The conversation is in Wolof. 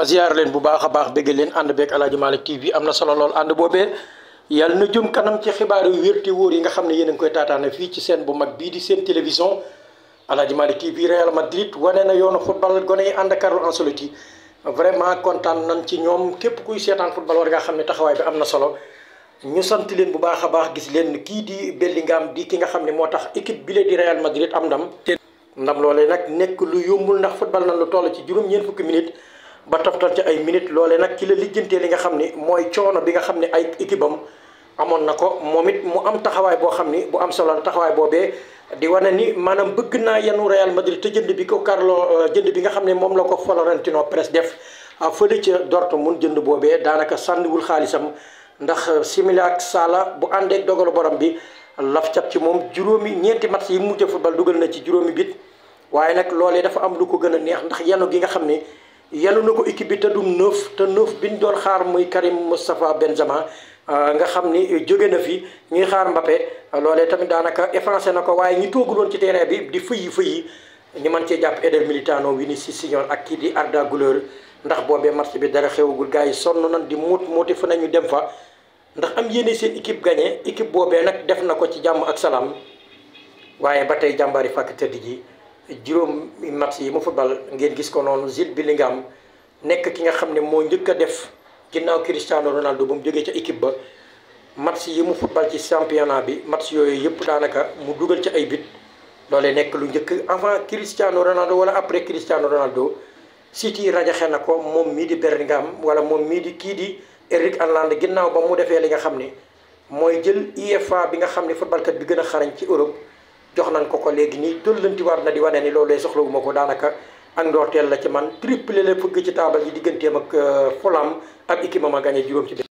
ma ziar leen bu baax a baax bëgg leen ànd beeg Aladji Malick TV am na solo lool ànd boobee yàlla na jëm kanam ci xibaar yu wér te wóor yi nga xam ne yéen a koy taataane fii ci seen bu mag bii di seen télévision Aladji Malick TV Real Madrid wane na yoonu football gone yi ànd Carlo Ancelotti vraiment kontaan nañ ci ñoom képp kuy seetaan football war nga xam ne taxawaay bi am na solo ñu sant leen bu baax a baax gis leen kii di Bellingham di ki nga xam ne moo tax équipe bile di Real Madrid am ndam. ndam loolee nag nekk lu yombul ndax football nañ lu toll ci juróom-ñeent fukki minutes. ba toftal ci ay minutes loole nag ki la lijjantee li nga xam ni mooy coono bi nga xam ne ay équipe amoon na ko moom it mu am taxawaay boo xam ni bu am solo taxawaay boobee di wane ni maanaam bëgg naa yanu Real Madrid te jënd bi ko Carlo euh, jënd bi nga xam ne moom la ko Florentino Perez def euh, fële ca Dortmund jënd boobee daanaka sànniwul xaalisam ndax euh, simila ak Sala bu àndeek dogalu borom bi laf cat ci moom juróomi ñeenti match yi mu mujj football dugal na ci juróomi bit waaye nag loolee dafa am lu ko gën a neex ndax yanu gi nga xam ne yàllu na ko équipe bi te du neuf te neuf bi ñu doon xaar muy Karim Moustapha Benzema euh, nga xam ni jóge na fi ñuy xaar mbappe loolee tamit daanaka effacé na ko waaye ñi tooguloon ci terrain bi di fëyi fëyi ñu mën cee jàpp Eder ni si Junior ak kii di Arda Güler ndax boobee match bi dara xewagul gars yi sonn na di muut muuti fa nañu dem fa ndax am yéene seen équipe gagné équipe boobee nag def na ko ci jàmm ak salaam waaye ba tey jàmbari fàkk tëdd ji juróom match yi mu football ngeen gis ko noonu Jude Bellingham nekk ki nga xam ne moo njëkk a def ginnaaw Cristiano Ronaldo ba mu jógee ca équipe ba match yi mu football ci championnat bi match yooyu yëpp daanaka mu dugal ci ay but loolee nekk lu njëkk avant Cristiano Ronaldo wala après Cristiano Ronaldo City rajaxe na ko moom mii di Bellingham wala moom mii di kii di Erling allande ginnaaw ba mu defee li nga xam ne mooy jël UEFA bi nga xam ne footballkat bi gën a xarañ ci Europe jox nañ ko ko léegi nii war na di wane ni loolu lay soxlawuma ko daanaka ak ndorteel la ci man triplé la fëgg ci taabal yi digganteem ak euh, Fulham ak équipe ma gagné juróom ci benn